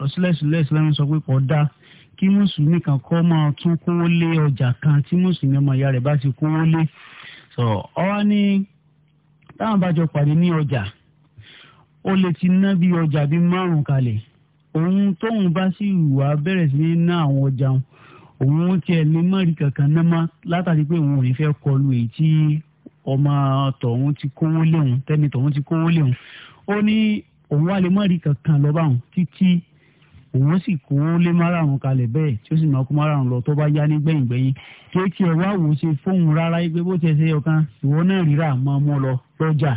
rọ́sílẹ̀sílẹ̀ islam sọ pé kò dáa kí mùsùlùmí kan kọ́ máa tún kówó lé ọjà kan tí mùsùlùmí ọmọ ìyá rẹ̀ bá ti kówó lé sọ ọ wá ní táwọn bá jọ pàdé ní ọjà ó lè ti ná bí ọjà bíi márùn kalẹ̀ òun tóun bá sì wà bẹ̀rẹ̀ sí ní ná àwọn ọjà òun ó tiẹ̀ lè má kankan ná má látàrí pé òun ò ní fẹ́ kọlu èyí tí ọmọ tọ̀hún ti kówó léhùn tẹ́ni tọ̀hún ti kówó léhùn ó ní òun wá lè má kankan lọ́ba òun títí òun sì kó lé márààrún kalẹ̀ bẹ́ẹ̀ tí ó sì máa kó márààrún lọ tó bá yá ní gbẹ̀yìngbẹ̀yìn tí ó tiẹ̀ wá wò ṣe fóun rárá pé bó tiẹ̀ ṣe ọ̀kan ìwọ náà ríra máa mú lọ lọ́jà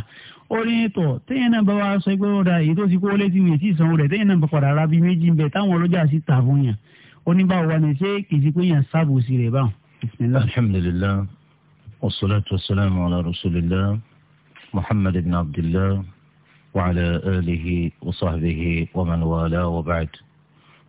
ó tọ̀ téèyàn náà bá wa sọ pé ó da èyí tó ti kó létí ìwé tí ìsanwó rẹ̀ téèyàn náà padà ra bíi méjì ń bẹ táwọn ọlọ́jà sì tà fún yàn ó ní báwo wà ní ṣé kì í ṣe pé yàn sábòsí rẹ̀ báwọn. alhamdulillah والصلاة والسلام على رسول الله محمد بن عبد الله وعلى آله وصحبه ومن والاه وبعد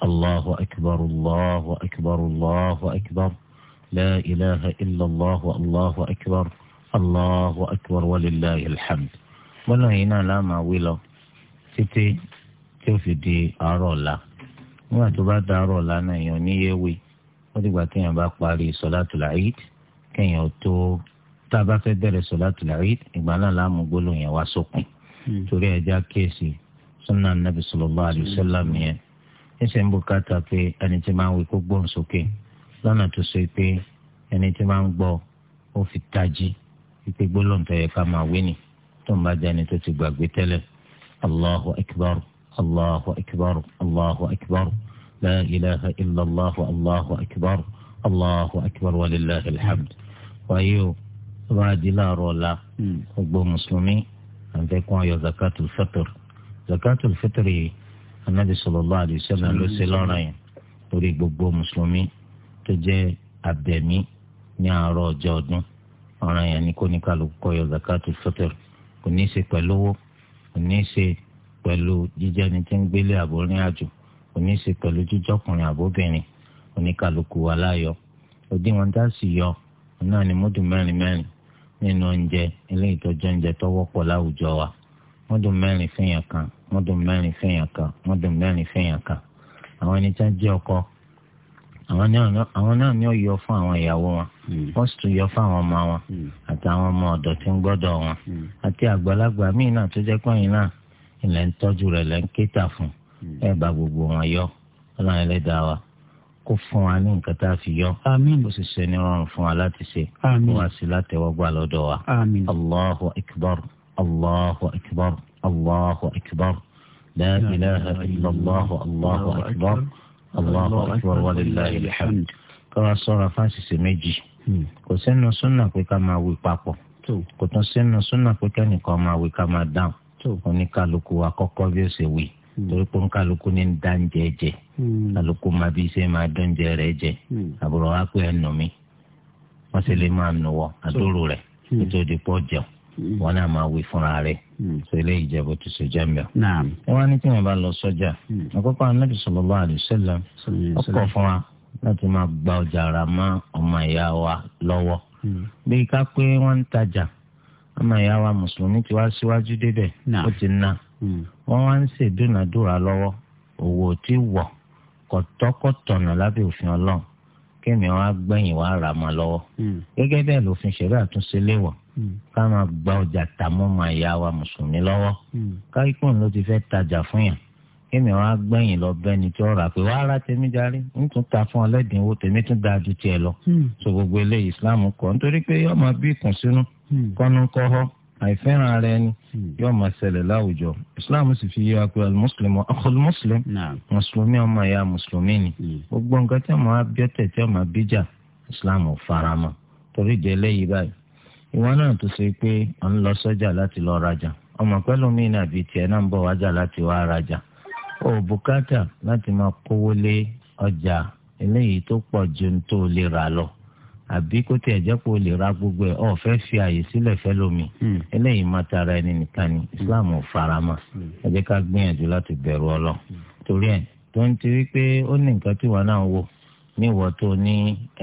allahu akbar allahu akbar allahu akbar la ilaha illallah allahu akbar allahu akbar walillahi alhamd wọn náà yìí náà láàmú àwí lọ títí tí ó fi di àárọ̀ ọ̀la nígbà tó bá da àárọ̀ ọ̀la náà èèyàn níyẹ̀wé wọ́n dìgbà téèyàn bá parí sọ̀látùl Eid kéèyàn tó tá a bá fẹ́ bẹ̀rẹ̀ sọ̀látùl Eid ìgbà náà láàmú gbólóhùn yẹn wá sókun hmm. torí ẹja kíyèsí sunna nabi sallallahu alayhi wa sallam yẹn ẹsẹ̀ ń bùkátà pé ẹni tí máa ń wí kó gbóhùn sókè lọ́nà tó ṣe pé ẹni tí máa ń gbọ́ ó fi tají wípé gbólóhùn tó yẹ ká máa wí ni tó ń bá jẹ́ ẹni tó ti gbàgbé tẹ́lẹ̀ allahu akbar allahu akbar allahu akbar la ilaha illallah allahu akbar allahu akbar wa wáyé o tó bá di hmm. gbogbo mùsùlùmí àǹfẹ̀kùn ayọ̀ zakatul fitr zakatul fitr yìí anabi sallallahu alaihi wasallam ló ṣe lọ́rọ̀ yẹn lórí gbogbo mùsùlùmí tó jẹ́ abẹ̀mí ní àárọ̀ ọjọ́ ọdún ọ̀ràn yẹn ni kó ní kálukú kó yọ zakatul fitr kò ní í ṣe pẹ̀lú owó kò ní í ṣe pẹ̀lú jíjẹ́ ni tí ń gbélé àbórin àjò kò ní í ṣe pẹ̀lú jíjọ́kùnrin àbóbìnrin oníkálukú wa láyọ̀ òdiwọ̀n tá a sì yọ náà ni múdù mẹ́rin mẹ́rin nínú oúnjẹ ilé ìtọ́jú oúnjẹ tó wọ́pọ̀ láwùjọ wa mọ́dún mẹ́rin fẹ́yàn kan mẹ́rin fẹ́yàn kan mọ́dún mẹ́rin fẹ́yàn kan àwọn ẹni tí jẹ́ ọkọ àwọn náà ni ó yọ fún àwọn ìyàwó wọn hmm. wọ́n sì yọ fún àwọn ọmọ wọn hmm. àtàwọn ọmọ ọ̀dọ̀ tí ń gbọ́dọ̀ wọn hmm. àti àgbàlagbà míì náà tó jẹ́ pọ́yìn náà ilẹ̀ ń tọ́jú rẹ̀ lẹ́ ń fún bá gbogbo wa kó fún wa ní nǹkan tá a fi yọ. kó sì ṣe ní rọrùn fún wa láti ṣe. àmín. kó wá sí látẹ̀wọ́gbà lọ́dọ̀ wa. allahu akbar. allahu akbar allahu akbar la ilaha illallah allahu akbar allahu akbar walillahi alhamd káwa sọ̀rọ̀ fáṣíṣe méjì hmm. kò sínú súnà pé ká máa wí papọ̀ kò tún sínú súnà pé kẹ́nìkan máa wí ká máa dáhùn oníkálukú akọ́kọ́ bí ó ṣe wí hmm. torí pé nkálukú ní dáńjẹ jẹ hmm. kálukú máa bí ṣe máa dánjẹ rẹ jẹ àbúrò wa pé ẹnu mi wọn sì lè máa nù wọ àdúró rẹ nítorí pọ jẹun Mm. wọn náà máa wí fúnra rẹ̀ tó mm. eléyìí jẹ́ bó ti ṣe jẹ́ ẹ wá ní tí wọn bá lọ sọ́jà mm. àkọ́kọ́ anábì sallallahu alaihi wasallam ọkọ̀ fún wa láti máa gba ọjà ara mọ́ ọmọ ìyá wa lọ́wọ́ bí ká pé wọ́n ń tajà ọmọ ìyá wa mùsùlùmí ti wá síwájú débẹ̀ ó ti ná wọ́n wá ń ṣèdúnàdúrà lọ́wọ́ òwò tí wọ̀ kọ̀tọ́kọ̀tọ̀nà lábẹ́ òfin ọlọ́run kémi wọn á gbẹ̀yìn wọn á rà mọ́ lọ́wọ́ hmm. gẹ́gẹ́ bẹ́ẹ̀ lòfin ṣẹ̀rí àtúnṣe hmm. ká máa gba ọjà tà mọ́ máa yá wa mùsùlùmí lọ́wọ́ hmm. káyipọ̀n ló ti fẹ́ tajà fún yàn kémi wọn á gbẹ̀yìn lọ bẹ́ni tí ó rà pé wàá ra tèmi darí ń tún ta fún ọlẹ́dínwó tèmi tún da ju tiẹ̀ lọ so gbogbo eléyìí Islam kọ nítorí pé yọ́ọ́ máa bí ìkùnsínú kọ́nú kọ́họ́ àìfẹ́ràn rẹ ni hmm. yóò máa ṣẹlẹ̀ láwùjọ islam sì fi yé wa pé almuslim akhul muslim mùsùlùmí ọmọ ìyá mùsùlùmí ni hmm. gbogbo nǹkan tí wọn á tí wọn islam ò fara torí ìdí eléyìí báyìí ìwọ náà tó ṣe pé à ń lọ sọ́jà láti lọ rajà ọmọ pẹ̀lú mi náà bíi tiẹ̀ náà ń bọ̀ wájà láti wá rajà ó bùkátà láti máa kówó lé ọjà eléyìí ju tó lè rà àbí kó tiẹ̀ jẹ́ pé o lè ra gbogbo ẹ̀ ọ̀ fẹ́ fi àyè sílẹ̀ fẹ́ lómi hmm. eléyìí má tara ẹni nìkan ni hmm. islam ò faramọ́ hmm. ẹ jẹ́ ká gbìyànjú láti bẹ̀rù ọlọ́ torí ẹ̀ tó ń ti wípé ó ní nǹkan tí wọn náà wò ní ìwọ tó ní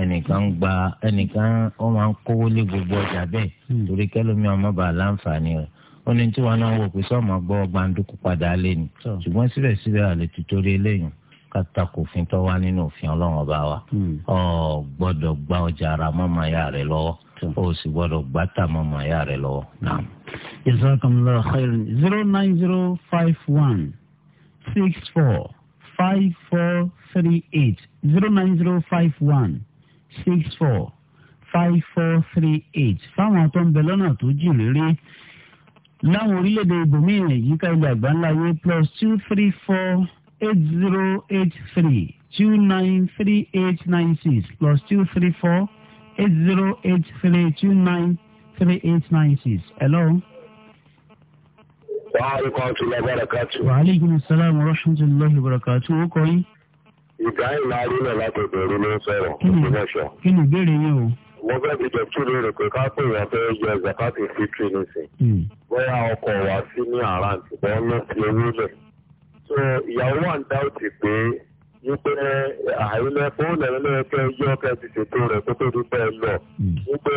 ẹnìkan ń gba ẹnìkan ó máa ń kówó lé gbogbo ọjà bẹ́ẹ̀ torí kẹ́lómi ọmọ bá láǹfààní rẹ̀ ó ní tí wọn náà wò pé sọ́ọ̀mọ́ gbọ́ gbàǹdùkú padà lé ni ṣùgbọ́n síbẹ̀síbẹ̀ àlè ti torí eléyìí kátàkù òfin tó wá nínú òfin ọlọ́run ọba wa ọ hmm. gbọ́dọ̀ gba ọjà ara mọ́mọ́ ya rẹ lọ́wọ́ o hmm. sì gbọ́dọ̀ gbá tà mọ́mọ́ ya rẹ lọ́wọ́. jazakallahu khairan zero nine zero five one six four five four three eight zero nine zero five one six four five four three eight fáwọn tó ń bẹ lọ́nà tó jìn réré láwọn orílẹ̀-èdè ibòmíràn yíká ilẹ̀ àgbáńlá yé plus two three four eight zero eight three two nine three eight nine six plus two three four eight zero eight three two nine three eight nine six. Hello. Wàhálùkọ́ tún lọ bọ́dọ̀ ká tù. Wàhálùkọ́ sálàmù rọ́ṣùntúnlọ́hì bọ̀dọ̀ ká tù ó kọ́ yín. Ibrahim Arúnà látọ̀dọ̀ orí ló ń sọ̀rọ̀ ìpínlẹ̀ṣọ̀. Kí ìbéèrè yín o? Mo fẹ́ fi jọ̀tún lérò pé ká pè wọ́n fẹ́ yọ Zakati Fitri nísìn. Hmm. Bóyá ọkọ̀ wá sí ní àrántì, bọ́ọ̀ náà ti owó lẹ̀ so ìyàwó wà ń dá òtì pé wípé àìlẹ fóònù ẹ̀rọ kẹ yọ kẹ ti ṣètò rẹ kó tó dúpẹ́ lọ wípé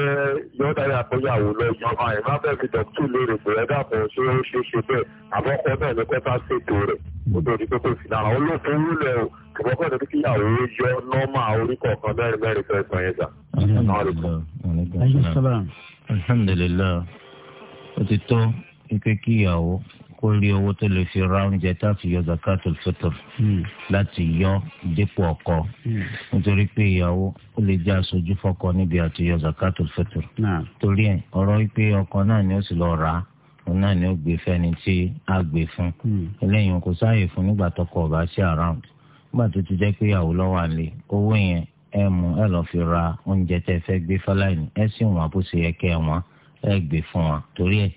yọ dárí àkóyàwó lọ yọ àyè má bẹ́ẹ̀ fi dọ̀tú lórí pé ẹ dàpọ̀ ṣé ó ṣe ṣe bẹ́ẹ̀ àbọ̀kọ náà ní kẹta ṣètò rẹ kó tó di pé kò sí lára ó ló fún wúlẹ̀ o ṣùgbọ́n kọ́ kí ìyàwó yọ nọ́mà orí kọ̀ọ̀kan mẹ́rin mẹ́rin fẹ́ sàn yẹn sà. alhamdulilayi kó rí owó tó lè fi ra oúnjẹ tá a fi yọ zakatul fitr hmm. láti yọ dípò ọkọ hmm. nítorí pé ìyàwó ó lè jẹ́ aṣojú fọ́kọ níbi àti yọ zakatul fitr torí ẹ̀ ọ̀rọ̀ pé ọkọ náà ni ó sì lọ rà á òun náà ni ó gbé fẹ́ni tí a gbé fún hmm. eléyìí kò sáàyè fún nígbà tọkọ ọba sí around nígbà tó ti jẹ́ pé ìyàwó lọ́wọ́ àlè owó yẹn ẹ mú ẹ lọ́ọ́ fi ra oúnjẹ tẹ́ fẹ́ gbé fọláìní ẹ sì wọ́n bó ṣe yẹ ẹ gbé fún wọn torí ẹ̀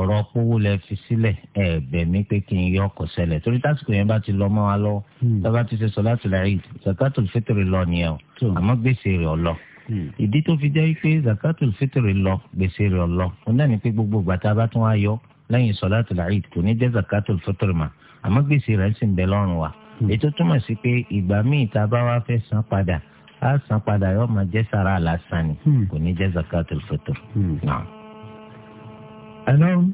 ọ̀rọ̀ pówó lẹ fi sílẹ̀ ẹ bẹ̀ mí pé kí n yọ ọkọ̀ sẹlẹ̀ torí tásìkò yẹn bá ti lọ mọ́ wa lọ́wọ́ hmm. tọ́ba ti ṣe sọ̀látùl Eid zakatul fitri lọ nìyẹn o àmọ́ gbèsè rẹ̀ ọ lọ hmm. ìdí tó fi jẹ́ pé zakatul fitri lọ gbèsè rẹ̀ ọ lọ òun náà ni pé gbogbo gbàtà bá tún wá yọ lẹ́yìn sọ̀látùl Eid kò ní jẹ́ zakatul fitri ma, àmọ́ gbèsè rẹ̀ sì ń bẹ lọ́rùn wa hmm. ètò túmọ̀ sí pé ìgbà míì tá a bá wá fẹ́ san padà á san padà yọ máa jẹ́ sàrà lásán ni kò ní jẹ́ zakatul fitri náà. Hello.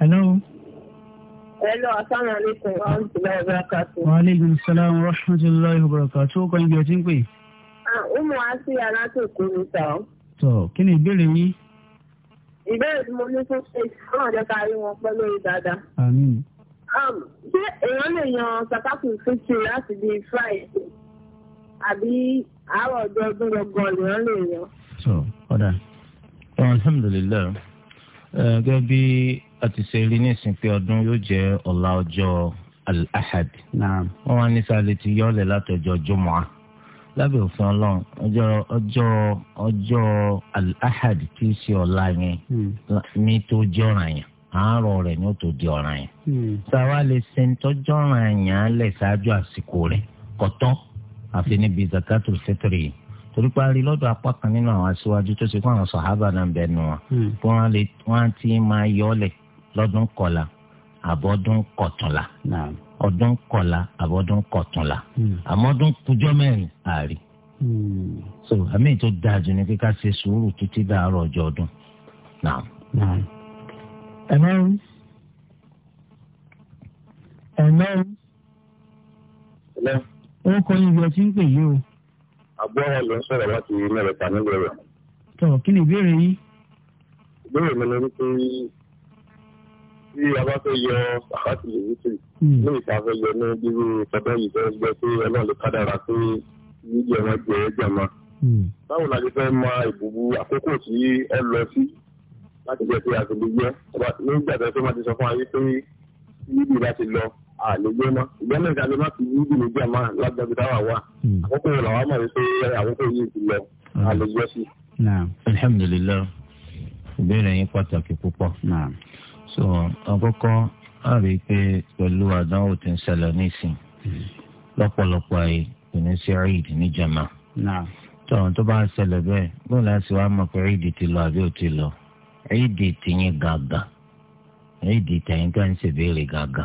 Hello. Hello, assalamu wa rahmatullahi wa Wa alaikum salam wa rahmatullahi kọ́ ibi ọtí ń pè. mi sọ. Tọ́ kí ni ìbéèrè yín? Ìbéèrè tí mo ní fún ṣe àwọn àjọta rí wọn pẹ́ lórí dáadáa. Àmín. Um, ṣé èèyàn yan fífi láti di Friday àbí àárọ̀ ọjọ́ ọdún gbọ̀ngàn lè yan? Tọ́ ọ̀dà. alhamdulilayi gẹ́gẹ́ bí a ti ṣe rí nísìnyí pé ọdún yóò jẹ́ ọ̀la ọjọ́ al-ahad. wọ́n wá ní sáà lè ti yọ̀ọ́lẹ̀ látọjọ́ jùmọ̀á lábẹ́ òfin ọlọ́run ọjọ́ ọjọ́ ọjọ́ al-ahad tí í ṣe ọ̀la yẹn hmm. ní tó jẹ́ yẹn àárọ̀ rẹ̀ ní ó di ọ̀ràn yẹn. sáwa hmm. lè ṣe ń tọ́jọ́ yẹn lẹ̀ ṣáájú àsìkò rẹ̀ kọ̀tọ́ àfi níbi zakatul fitri yìí torí parí lọ́dọ̀ apá kan nínú àwọn aṣíwájú tó ṣe fún àwọn sàhábà náà ń bẹ nu wọn hmm. kí wọ́n lè wọ́n ti máa yọ́lẹ̀ lọ́dún kọlà àbọ̀dún kọ̀tùnlá ọdún kọlà àbọ̀dún kọ̀tùnlá hmm. àmọ́dún kújọ́ mẹ́rin àárí. Hmm. so àmì tó dáa jù ní kíkà ṣe sùúrù títí dàárọ̀ ọjọ́ ọdún. ẹ̀mẹ́rin ẹ̀mẹ́rin ó kọ́ ibi ọtí ń pè yí o agbọ́rọ̀ ló ń sọ̀rọ̀ láti mẹ́rẹ̀ta nílẹ̀ rẹ̀. tó kí ni ìbéèrè yín. ìbéèrè mi ni wípé tí a bá fẹ́ yọ àkáàtì lèwítì ní ìta fẹ́ yọ ní bíbí ìfọdọ́ yìí fẹ́ gbẹ pé ọlọ́run ló kádàrà pé yíyẹ wọn jẹ ẹ jẹma. Hmm. báwo la ti fẹ́ mọ ìbùbù àkókò tí ẹ lọ sí láti jẹ pé àgbègbè yẹ nígbà tó máa ti sọ fún ayé pé yíyí láti lọ àlejò náà ìgbọ́n náà ìdájọ́ máa fi yí ìdílé díẹ̀ máa lágbàgbé táwa wà hmm. àkókò wọn làwọn mọ̀ wípé àkókò yìí ti lọ àlejò hmm. sí. alhamdulilayi ìbéèrè yín pàtàkì púpọ̀ so àkọ́kọ́ a rí i pé pẹ̀lú àdánwò tí ń ṣẹlẹ̀ nísìn hmm. lọ́pọ̀lọpọ̀ ayé kò ní sí eid ní jama tọ̀hún tó bá ń ṣẹlẹ̀ bẹ́ẹ̀ bóun láti wá mọ̀ pé eid ti lọ àbí ò ti lọ eid ti yín gàgà eid tẹ̀yìn tó ń ṣèbéèrè gàgà.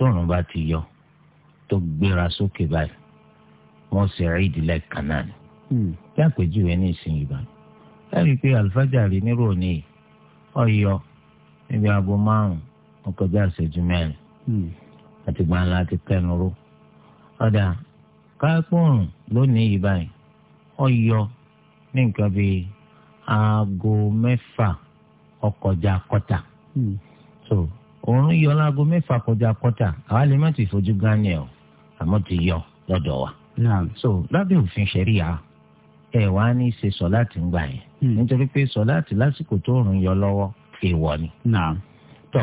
tóòrùn bá ti yọ tó gbéra sókè báyìí wọ́n sì rí ìdílé náà ni. bí hmm. àpèjúwe ní ìsinyìí bá ẹ rí pé àlùfájàrí nírò ní ọyọ níbi aago márùn-ún ọkọjá ìṣẹ́jú mẹ́rin hmm. àti gbàǹlà ti kẹnu ọ̀dà káàkóòrùn lónìí yìí báyìí aago mẹ́fà òórùn yọ láago mẹ́fà kọjá kọ́tà àwa lè má ti fojú gánni o àmọ́ ti yọ lọ́dọ̀ wa. naam so lábẹ́ òfin ṣẹ̀ríya ẹ̀ wá ní í ṣe sọ láti ń gbà yẹn hmm. nítorí pé sọ láti lásìkò tó òórùn yọ lọ́wọ́ èèwọ̀ ni. naam tọ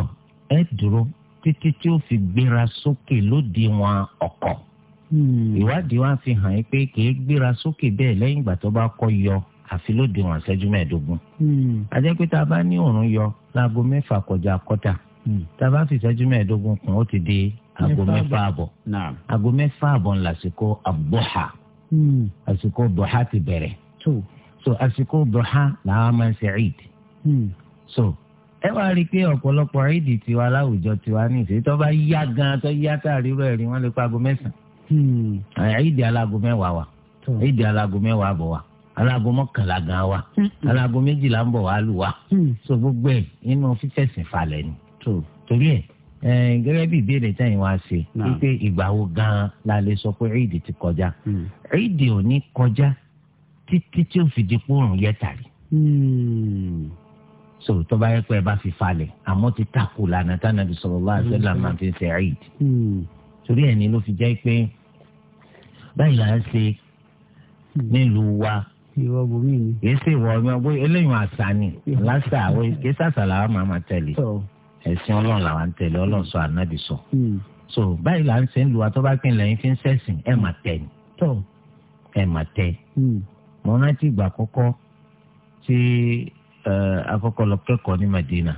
ẹ dúró títí tí ó fi gbéra sókè lódiwọ̀n ọkọ̀ hmm. ìwádìí wa fi hàn yín pé kì í gbéra sókè bẹ́ẹ̀ lẹ́yìn ìgbà tó bá kọ́ yọ àfi lódiwọ̀n ìṣẹ́jú mẹ́ẹ̀ẹ́dógún. àjẹpẹ́ta hmm. bá ní òórùn yọ láago mẹ́fà kọjá kọ́tà. Hmm. taba fi sɛju mɛdogun kun o ti di agome faabo agome faabo la siko aboha asiko boha ti bɛrɛ so asiko boha na a so ɛ waa ri pe ɔpɔlɔpɔ ɛid tiwa alawujɔ tiwa ni se tɔba ya gan tɔ ya taari lɔ ɛri wọn lè kó agome san ɛid hmm. alagome wa wa ɛid alagome wa bɔ wa alagome kala gan wa alagome jila so gbogbo so torí ẹ̀ gẹ́gẹ́ bí ìbéèrè tẹ̀yìn wá ṣe wípé ìgbà wo gan-an la lè sọ pé ìdì ti kọjá ìdì hmm. ò ní kọjá títí tí ó fi di pòrùn yẹ tàrí. Hmm. so tó bá yẹ pé ẹ bá fi falẹ̀ àmọ́ ti takò lànà tánà bí sallallahu alaihi wasallam máa fi ṣe ìdì. Hmm. torí ẹ̀ ni ló fi jẹ́ pé báyìí là ń ṣe nílùú wa ìwọ bùnmí ni. kì í ṣe ìwọ ọmọ eléyìí àṣà ni lásà àwọn kì í ṣàṣà làwọn máa máa tẹ̀lé ẹ̀sìn ọlọ́run làwọn ń tẹ̀lé ọlọ́run sọ ànábì sọ. Hmm. so báyìí là ń ṣe ń lu atọ́bápín lẹ́yìn fi ń ṣẹ̀sìn ẹ̀ mà tẹ̀ ni ẹ̀ mà tẹ̀. Hmm. mo rántí ìgbà àkọ́kọ́ tí àkọ́kọ́ lọ kẹ́kọ̀ọ́ ní Madina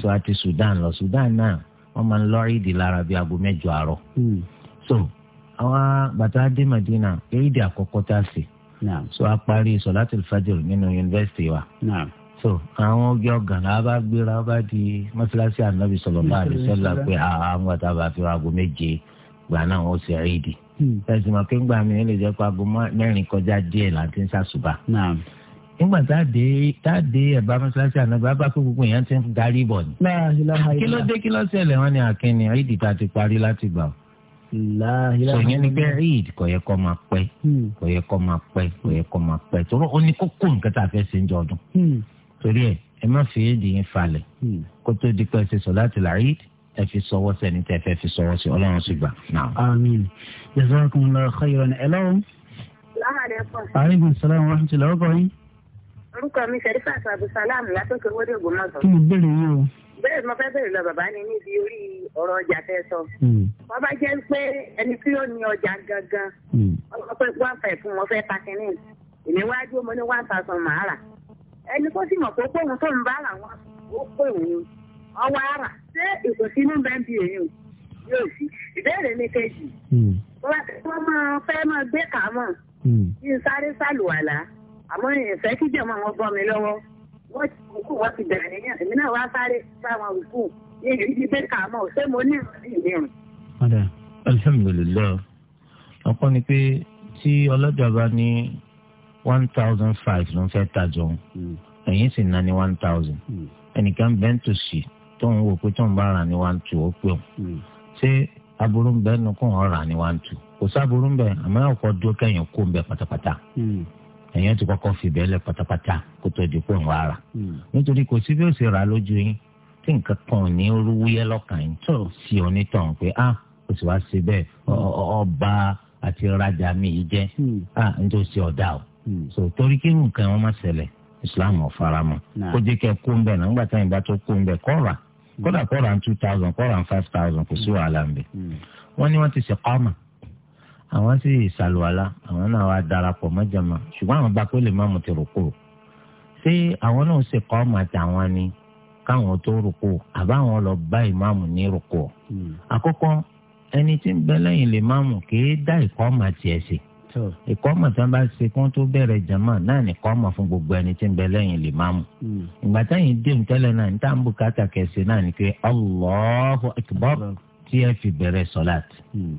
so àti Sudan lọ Sudan náà wọ́n máa ń lọ ìdí lára bíi aago mẹ́jọ àárọ̀. Hmm. so àwọn bàtà dé Madina ìdí àkọ́kọ́ tá a ṣe. so a parí sọ̀látìl fájìrì nínú yunifásitì wa so àwọn oge ọ̀gàn náà bá gbéra bá di mọ́ṣáláṣí ànábì sallallahu alaihi wasallam pé àwọn ah, ah, àtàbà fi aago méje gbà náà wọ́n ṣe àìdì. Hmm. ẹ̀sìn mọ̀ pé ńgbà mi lè jẹ́ pé aago mẹ́rin kọjá díẹ̀ láti ń ṣàṣùbà. nígbà tá a dé ẹ̀bá mọ́ṣáláṣí ànábì bá pé gbogbo èèyàn ti ń darí bọ̀ ni. kí ló dé kí ló ṣẹlẹ̀ wọ́n ní akínni ah, àìdì tá a ti parí láti gbà sọyìn ni bẹ́ẹ̀ eid hmm. kò yẹ kó máa pẹ́ kò yẹ kó máa pẹ́ kò yẹ kó máa pẹ́ tóró ó ní kókó nǹkan tá a fẹ́ ṣe ń jọ ọdún hmm torí ẹ ẹ má fi éèdì yín falẹ̀ hmm. kó tó di pé ṣe sọ̀láàtì làáyíd ẹ fi sọwọ́ sẹ́ni tẹ́ fẹ́ fi sọwọ́ sí ọlọ́run sì gbà. àmín jazakumullahu khairan ẹ lọ́wọ́. aleykum salaam wa rahmatullahi wa barakatuh. orúkọ mi sẹ́rífà sàbù sàlámù látòkè wọlé ògbómọ̀tò. kí ni ìbéèrè yín o. bẹ́ẹ̀ mo fẹ́ bẹ̀rẹ̀ lọ bàbá ni níbi orí ọ̀rọ̀ ọjà tẹ́ sọ. Hmm. wọ́n bá jẹ́ pé ẹni tí ó ní ọjà gangan. Hmm. wọ́n fẹ́ wọ́n fẹ́ fún wọn fẹ́ pàkínní. ìníwájú mo ní one thousand ẹni tó sì mọ̀ pé kóhun tó ń bá làwọn ó pè wọ́n ọwọ́ ara ṣé ìkòsínú bẹ́ẹ̀ bí èyí yóò sí ìbéèrè mi kejì hmm. wọ́n máa fẹ́ máa gbé kà mọ̀ hmm. kí n sáré sàlùwàlà àmọ́ ìfẹ́ kíjẹ̀ mọ́ wọn bọ́ mi lọ́wọ́ wọ́n ti kú wọ́n ti bẹ̀rẹ̀ nìyẹn èmi náà wá sáré bá wọn kú ní ìdí gbé kà mọ̀ ṣé mo ní ìrìn alhamdulilayi ọkọ ni pé tí ọlọ́jà bá ní one thousand five ló ń fẹ́ tàjọ òun hmm. ẹ̀yìn sì ná one thousand hmm. ẹnìkan bẹ́ẹ̀ tó sì tóun wò pé tóun bá rà ní one two ó pé òun hmm. ṣé aburú ń bẹ́ẹ̀ nu kóun ọ̀ rà ní one two kò sáburú ń bẹ àmọ́ ọkọ̀ dúró kẹ́yìn kó ń bẹ pátápátá ẹ̀yìn ti kọ́kọ́ fi bẹ́ẹ̀ lẹ̀ pátápátá kó tó di pé òun wà rà nítorí kò sí bí ó ṣe rà lójú yín tí nǹkan kan ò ní rúwúyẹ́ lọ́kàn yín tó sì ọ́ nítàn pé ah kò sì wá sí bẹ́ẹ̀ ọba àti rajà mi yìí jẹ́ ah nítorí ọ̀dà Hmm. so torí kí nǹkan wọn má ṣẹlẹ̀ islam ò fara mọ́ kó jẹ́ kẹ́ kó ń bẹ̀ náà nígbà táyìn bá tó kó ń bẹ̀ kọ́ra hmm. kódà kọ́ra ń two thousand kọ́ra ń five thousand kò sí hmm. wàhálà ń bẹ̀ wọ́n ní wọ́n ti ṣe kọ́mà àwọn sì ṣàlùwàlà àwọn náà wá darapọ̀ mọ́jàmá ṣùgbọ́n àwọn bá pé lè má mu ti rò kó ṣé àwọn náà ṣe kọ́mà tàwọn ni káwọn tó rò kó àbáwọn lọ bá ìmáàmù ní rò kó àkọ́kọ́ ẹni tí ń bẹ lẹ́yìn lè máàmù kì í dá ìkọ́mà tiẹ̀ sí ìkọ́mọ̀ tí wọ́n bá ṣe kí wọ́n tó bẹ̀rẹ̀ jàmá náà ní kọ́mọ̀ fún gbogbo ẹni tí ń bẹ lẹ́yìn límámù. Hmm. ìgbà táyìn dé ntẹ́lẹ̀ náà ní táwọn bùkátà kẹsì náà ní pé Allahu akbar tí ẹ fi bẹ̀rẹ̀ sọ́láàt. Hmm.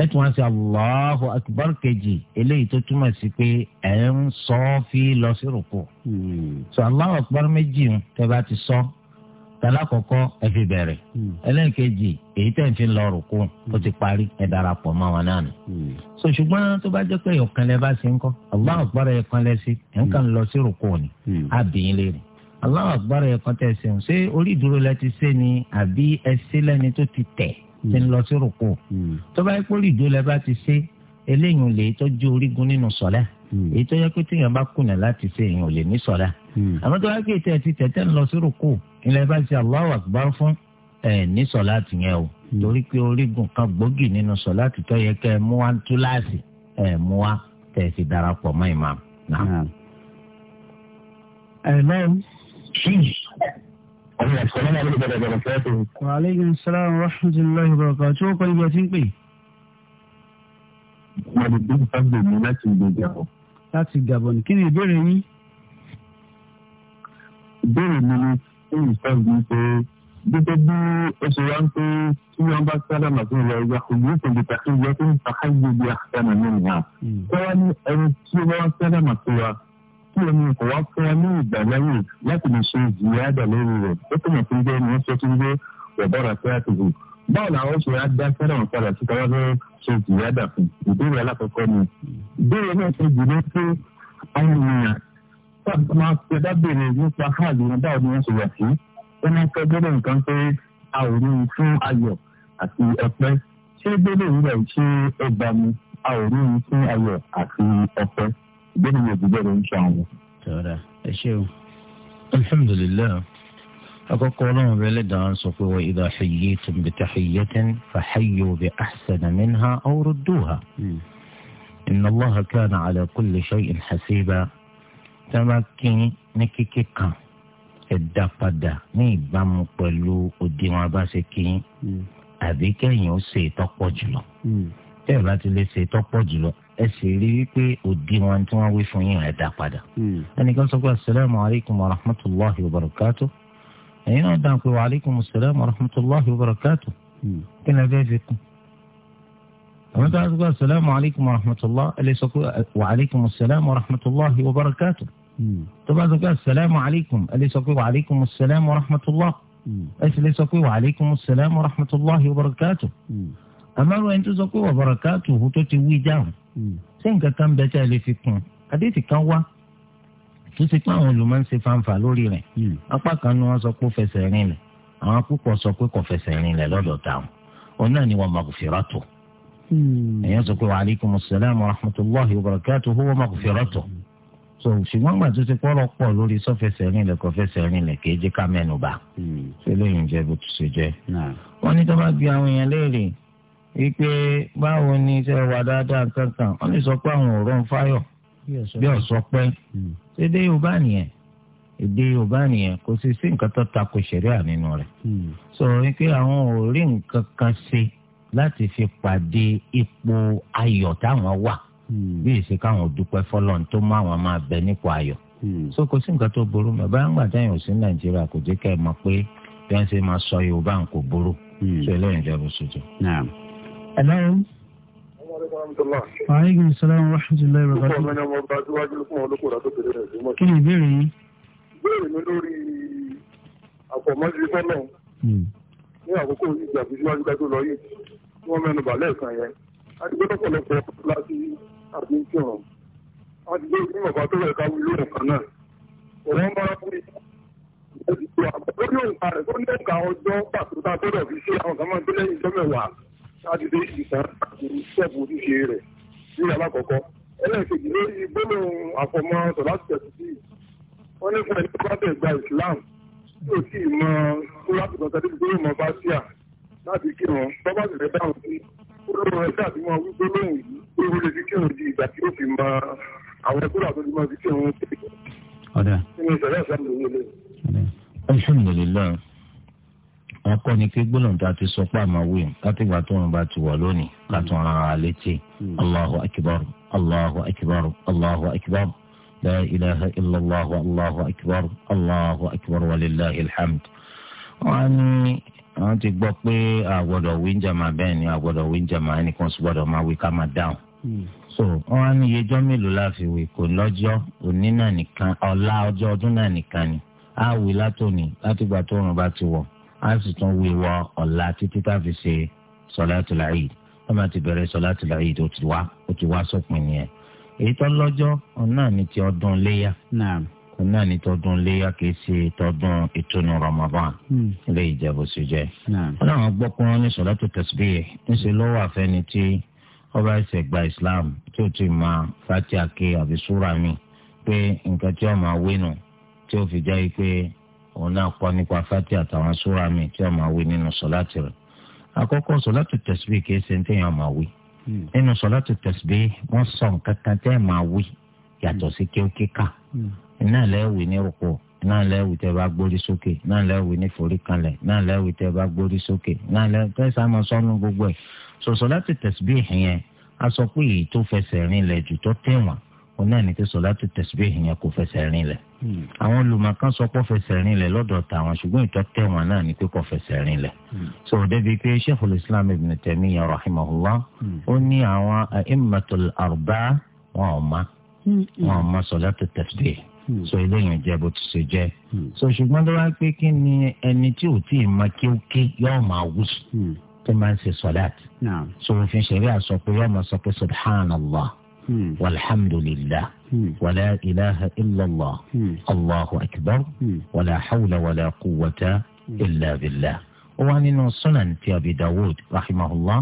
ẹ tún wá sí Allahu akbar kejì eléyìí tó túmọ̀ sí pé ẹ̀ ń sọ fi lọ sí rùkù. Hmm. sọ Allahu akbar méjì tẹ bá ti sọ tala kọ̀kọ́ ẹ fi bẹ̀rẹ̀ hmm. ẹlẹ́ẹ̀kejì èyí tẹ̀ ń fi lọ rùkú ó hmm. ti parí ẹ darapọ̀ mọ́ wọn náà nù. Hmm. so ṣùgbọ́n tó bá jẹ́ pé ọ̀kan lẹ bá ṣe ń kọ́ Allahu Akbar ẹ̀kan lẹ sí ẹ̀ ń kàn lọ sí rùkú ni á bì í léèrè Allahu Akbar ẹ̀kan tẹ̀ ṣe ń ṣe orí ìdúró lẹ ti ṣe ni àbí ẹ ṣe lẹ́ni tó ti tẹ̀ ti ń lọ sí rùkú tó bá yẹ pé orí ìdúró lẹ bá ti ṣe eléyìí ò lè ní ilẹ̀ bá ṣe Allahu Akbar fún ẹ̀ ní sọ̀láàtì yẹn o hmm. torí pé orígun kan gbòógì nínú sọ̀láàtì tó yẹ kẹ́ ẹ mú wá túláàsì ẹ̀ mú wá tẹ̀ ẹ fi darapọ̀ mọ́ ìmọ̀ náà. ẹ̀lẹ́ wa aleykum salaam wa rahmatulahi wa barakatuh tí ó kọ́ ibi ọtí ń pè. mo lè gbé ìfàgbé mi láti ìlú Gabon. láti Gabon kí ni ìbéèrè yín. ìbéèrè mi ni fún ìfẹ́rù ní pé gẹ́gẹ́ bí ó ṣe wá ń pé tí wọ́n bá sábà màtí ìlọ ìyá kò ní kò lè tàkì ìyá tó ń tàkà ìgbèbí àkàtàna nínú wa. kọ́wá ní ẹni tí ó bá wá sábà màtí wa kí ẹni kò wá fún wa ní ìgbà láyè láti lè ṣe ìyáàdà lórí rẹ̀ ó tó mọ̀ fún bẹ́ẹ̀ ni wọ́n sọ fún bẹ́ẹ̀ ọ̀bọ̀rọ̀ sí àtìkù. báwo làwọn ṣe á dá sábà padà sí káwá lọ́wọ́ ṣe ìyáàdà fún ìbéèrè alákọ̀ọ́kọ́ ni. Hmm. ìbéèrè náà ṣe tàbí tí wọ́n ti ẹ̀dá béèrè nípa káàdì wọn báwo ni wọ́n ṣe wà sí wọ́n máa ń fẹ́ gbọ́dọ̀ nǹkan pé a ò rí fún ayọ̀ àti ọpẹ́ ṣé gbọ́dọ̀ ìrẹ̀ ṣé ẹgbàá mi a ò rí fún ayọ̀ àti ọpẹ́ gbọ́dọ̀ yóò gbọ́dọ̀ ń sọ àwọn. tọ́ra ẹ ṣe o alhamdulilayi akọkọ ọlọ́run bẹ lẹdàá sọ pé wa idha hayyitum bi tahiyyatin fahayyu bi ahsana minha aw rudduha inna allaha kana ala kulli shay'in hasiba. tí wọ́n bá kí yín ní kíkí kan ẹ dá padà ní ìbámu pẹ̀lú òdiwọ̀n abáṣe kí yín hmm. àbí kẹ́yìn ó ṣe ìtọ́pọ̀ jùlọ hmm. tẹ́ ẹ bá ti lè ṣe ìtọ́pọ̀ jùlọ ẹ sì rí wípé òdiwọ̀n tí wọ́n wí fún yín ẹ dá padà. Hmm. ẹnìkan sọ pé asalaamu alaykum wa rahmatulahi wa barakatu ẹ̀yin náà dáhùn pé wa alaykum asalaamu wa rahmatulahi wa barakatu kí ni ẹ fẹ́ fi kún àwọn tó wá sọ pé asalaamu alaykum wa rahmatulahi wa barakatu. Hmm. tó bá sọ pé asalaamu alaykum ẹ lè sọ pé wa alaykum asalaam wa rahmatulah hmm. ẹ sì lè sọ pé wa alaykum asalaam wa rahmatulah wa barakatuh hmm. àmọ́ ẹni tó sọ pé wa barakatuh tó ti wí dáhùn ṣé nǹkan kan bẹ tẹ́ ẹ lè fi kún àdéhìí kan wá tó ṣe pé àwọn olùmọ̀ ń ṣe fanfa lórí rẹ̀ apá kan ni wọ́n sọ pé fẹsẹ̀ rìn lẹ̀ àwọn púpọ̀ sọ pé kò fẹsẹ̀ rìn lẹ̀ lọ́dọ̀ táwọn òun náà ni wọ́n maghfiratuh èèyàn sọ pé wa alaykum asalaam rahmatulah wa barakatuh so ṣùgbọ́n gbà tó ti pọ́rọ̀ pọ̀ lórí sọ́fẹsẹ̀ rìn lẹ̀ kọ́fẹsẹ̀ rìn lẹ̀ kì í jẹ́ ká mẹ́nu bà hmm. ṣé lóyún jẹ́ bó ti ṣe jẹ́. wọ́n ní tó bá bi àwọn èèyàn léèrè wípé báwo ni ṣe wà dáadáa kankan wọ́n lè sọ pé àwọn ò rán fáyọ̀ bí ọ̀sọ́ pẹ́ hmm. ṣé dé Yorùbá nìyẹn èdè Yorùbá nìyẹn kò sì sí nǹkan tó tako ṣẹ̀ríà nínú rẹ̀ hmm. sọ wípé àwọn ò rí nǹkan kan ṣe láti fi pàdé ipò ayọ̀ táwọn wà. Hmm. bí èsì káwọn dúpẹ́ fọlọ́n tó mú àwọn máa bẹ nípò ayọ̀ hmm. so kò sí nǹkan tó burú mọ́ báyọ̀ ńgbà tẹ̀yìn ò sí nàìjíríà kò jẹ́ kẹ́ ẹ mọ̀ pé bí wọ́n ṣe máa sọ yorùbá ń kò burú hmm. so eléyìí jẹ́ bó sojú. hello. aleykum salaam wa rahmatulahi wa barakatuh. kí ni ìbéèrè yín. ìbéèrè mi lórí àfọ̀mọ́sí fọ́lọ́ ní àkókò ìjà ìjọba wọ́n mẹ́nu bà lẹ́ẹ̀kan àti ìṣòro. a ti gbé sí bàbá tó yẹ ká wí lóhùn kan náà. òun ń bára fún ìṣòro. ó ní òǹkà a gbọ́dọ̀ fi ṣe àwọn kan máa ń tẹ́lẹ̀ ìjọ mẹ́wàá láti dé ìsàn àti ìṣẹ́gun ojúṣe rẹ̀ ní alákọ̀ọ́kọ́. ẹlẹ́ẹ̀kejì lórí gbólóhùn àfọmọ́ sọ̀láṣì tẹ̀sí sí wọ́n ní fún ẹni tó bá tẹ̀ gba ìsìláàmù tí ò sì mọ kó láti kọ̀ọ̀tà débi tó yóò mọ bá síà láti kírun bọ́bá sì rẹ̀ dáhùn olóòrùn ẹ̀ṣẹ́ àti máa wí gbólóhùn yìí ó wọlé fi kírun di ìgbà tí ó fi mọ àwọn ẹgbẹ́ àti olùmọ̀ fi kírun ni kí gbólóhùn tá a ti sọ pé àmọ́ wí tó ń bá ti wà lónìí ká tún ara létí hmm. allahu akibar allahu akibar allahu akibar la ilaha illallah allahu akibar allahu akibar walilahi alhamd. wọ́n á ní àwọn ti gbọ́ pé àgbọ̀dọ̀ wíńjàmà bẹ́ẹ̀ ni àgbọ̀dọ̀ wíńjàmà ẹnìkan sì gbọ́dọ̀ máa wí ká máa dáhùn. Hmm. so wọn á ní iyejọ́ mélòó la wí kò lọ́jọ́ òní náà nìkan ọ̀la ọjọ́ ọdún náà nìkan ni á wí látòní látìgbà tó rùn bá ti wọ̀ á sì tún wí wọ ọ̀la títí tá a fi ṣe sọ̀látùl Eid wọn bá ti bẹ̀rẹ̀ sọ̀látùl Eid ó ti wá ó ti wá sópin nìyẹn èyí tó lọ́jọ́ ọ̀nà ni ti ọdún léyà. naam náà ni tọdún léyà kìí ṣe tọdún ìtúnu Ramadan ilé ìjẹbù sí jẹ. wọn náà gbọ́ pé wọ́n ní sọ̀látù tasbih níṣẹ́ ló wà fẹ́ni tí ọba ẹsẹ̀ gba Islam tí ó ti máa Fatiha ké àbí súra mi pé nǹkan tí ó máa wé nù tí ó fi jẹ́ pé òun náà kọ́ nípa Fatiha àtàwọn súra mi tí ó máa wé nínú sọ̀látù rẹ̀. àkọ́kọ́ sọ̀látù tasbih kìí ṣe tí èèyàn máa wí hmm. nínú sọ̀látù sọ nǹkan kan tẹ́ máa wí yàtọ̀ sí kéwkéka iná lẹ́wì ní rúkú iná lẹ́wì tẹ́ bá gbórí sókè iná lẹ́wì ní forí kanlẹ̀ iná lẹ́wì tẹ́ bá gbórí sókè iná lẹ́wì tẹ́ sáma sọ́nù gbogbo ẹ̀ sọ̀sọ̀ láti tẹ̀síbíhì yẹn a sọ pé èyí tó fẹsẹ̀ rìn lẹ̀ jù tó tẹ̀wọ̀n òun náà ní kí sọ láti tẹ̀síbíhì yẹn kò fẹsẹ̀ rìn lẹ̀ hmm. àwọn olùmọ̀kan sọ pé fẹsẹ̀ rìn lẹ̀ lọ́dọ̀ tàwọn ṣùgbọ́n ìtọ́ tẹ̀wọ̀n náà ní pé kò fẹsẹ̀ rìn lẹ̀ hmm. so débi pé sheikhul islam ibn taymiyyah rahimahullah hmm. ó ní àwọn a'immatul arba'a wọn ò má wọn ò má sọ láti tẹ̀síbíhì Hmm. so eléyìí jẹ́ bó ti ṣe jẹ́ hmm. so ṣùgbọ́n tó bá pé kí ni ẹni tí ò tí ì mọ kí ó ké yóò máa wù sí hmm. tó máa ń ṣe sọ̀dáàt so òfin ṣẹ̀rí àsọ pé yóò máa sọ pé subhanallah walhamdulillah wàlá ilaha illallah allahu akbar wàlá hawla wàlá quwwata illa billah ó wá nínú sunan ti abi rahimahullah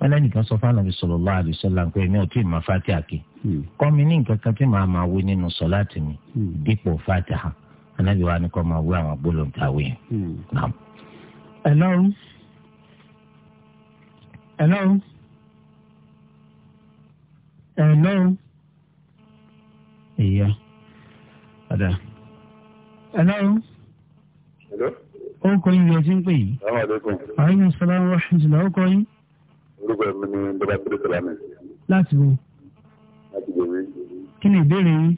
ẹlẹ́nìkan sọ fún anabi sallallahu alaihi wasallam pé èmi ò tí ì máa fatiha kí hmm. kọ́ mi ní nǹkan kan tí màá máa wé nínú sọ̀láàtì mi hmm. dípò fatiha anabi wa ni kò máa wé àwọn gbólóǹtàwé yẹn. Hmm. hello hello hello ìyá padà hello. hello. ó kọ́ yín bí ẹ ti ń pè yìí. salaamaleykum. aleykum salaam wa rahmatulah ó kọ́ yín orúkọ mi ni dọ́bàtúrú sọlámẹ. láti wo. láti wo mi. kí ni ìbéèrè yín.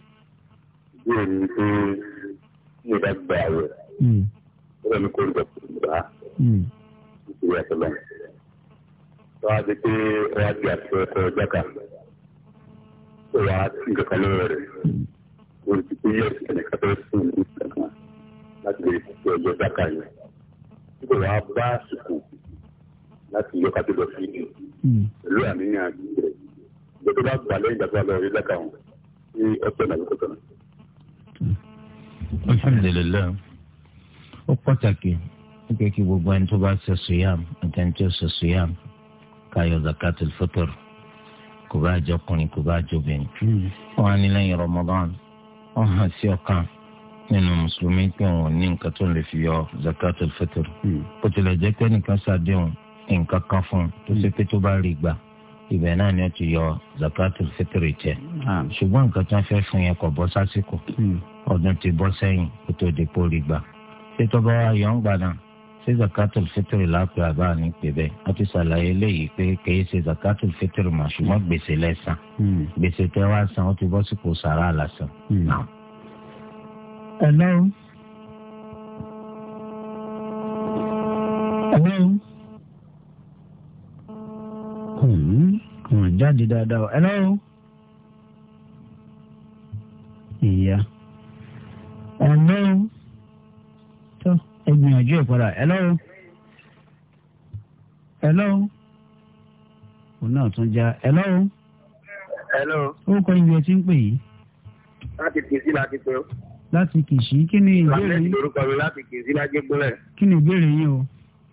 ìbéèrè mi pé mo bá gba àwẹ̀. Hmm. ó lọ mi kó orúkọ gbà á. nítorí àtọ́lá. wọ́n á di pé wọ́n á di àti ọkọ̀ jákà. ó wàá sí nǹkan kan lọ́wọ́ rẹ̀. orí hmm. ti pé yẹ́sì ẹ̀nìkan tó sùn ní ìgbà láti lè fi ọjọ́ jákà yẹn. nígbà wàá bá àsìkò láti ìlú kátó lọ sí ìlú hmm. pẹ̀lú àníyàn àti ìrẹ̀ ìjọ tó bá gbà lẹ́yìn ìgbà tó bá lọ rí lẹ́ka wọn ní ọ̀sẹ̀ náà lóko tán. Hmm. alhamdulilayi ó pàtàkì ó pé kí gbogbo ẹni tó bá ṣe suyam àti ẹni tó ṣe suyam káyọ zakatul fitr kò bá jẹ ọkùnrin kò bá jẹ obìnrin hmm. wọn á ní lẹ́yìn ramadan wọn hàn sí ọkàn nínú mùsùlùmí pé wọn ò ní nǹkan tó lè fi yọ zakatul fitr bó tilẹ̀ jẹ́ pé nìkan ṣàdéhùn nǹkan kan fún un tó ṣe pé tó bá rí gbà ibẹ̀ náà ni ó ti yọ zakatul fitiri jẹ ṣùgbọ́n nǹkan tí wọ́n fẹ́ fún yẹn kò bọ́ sásìkò hmm. ọdún ti bọ́ sẹ́yìn kó tó di pò rí gbà ṣé tó bá wá yọ̀ ń gbà náà ṣé zakatul fitiri lápẹ́ àbá ní pè bẹ́ẹ̀ wọ́n ti ṣàlàyé léyìí pé kìí ṣe zakatul fitiri mọ̀ ṣùgbọ́n gbèsè lẹ́sàn hmm. gbèsè tẹ́ wá san ó ti bọ́ sípò sàrà lásán. Hmm. Hello. Hello kùn kùn jáde dáadáa ẹ lọ́rùn. ìyá ẹ lọ́rùn tó ẹ gbìyànjú ẹ padà ẹ lọ́rùn ẹ lọ́rùn òun náà tún já ẹ lọ́rùn. ẹ lọ́rùn. ó kọ ibi ẹ ti ń pè yìí. láti kìsí láti pé o. láti kìsí kí ni ìbéèrè yín. láti kìsí láti pé o. kí ni ìbéèrè yín o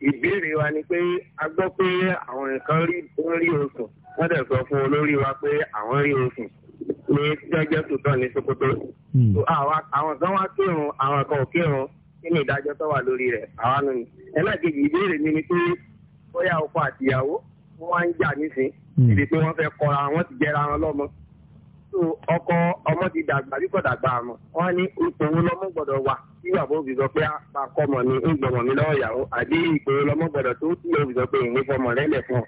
ìbéèrè wa ni pé a gbọ́ pé àwọn nǹkan rí wọ́n rí oṣùn wọ́n dẹ̀ sọ fún olórí wa pé àwọn rí oṣùn ní jẹ́jẹ́ tuntun ní Sokoto. Hmm. àwọn kan wá kírun àwọn kan ò kírun kí ni ìdájọ́ tó wà lórí rẹ̀ àwa nù ní. ẹlẹ́ẹ̀kejì ìbéèrè mi ni pé bóyá ọkọ àtìyàwó wọ́n wá ń jà nísìn hmm. ibi tí wọ́n fẹ́ kọra wọn ti jẹra wọn lọ́mọ. ọkọ ọmọ ti dàgbà bí kò dàgbà àmọ́ wọ́n ní ipò tí bàbá òbí sọ pé a kọ́ ọmọ mi ń gbọmọ mi lọ́wọ́ ìyàwó àbí ìgboro lọ́mọ gbọ́dọ̀ tó tí òbí sọ pé ìní fọmọ lẹ́lẹ̀ fún ọ.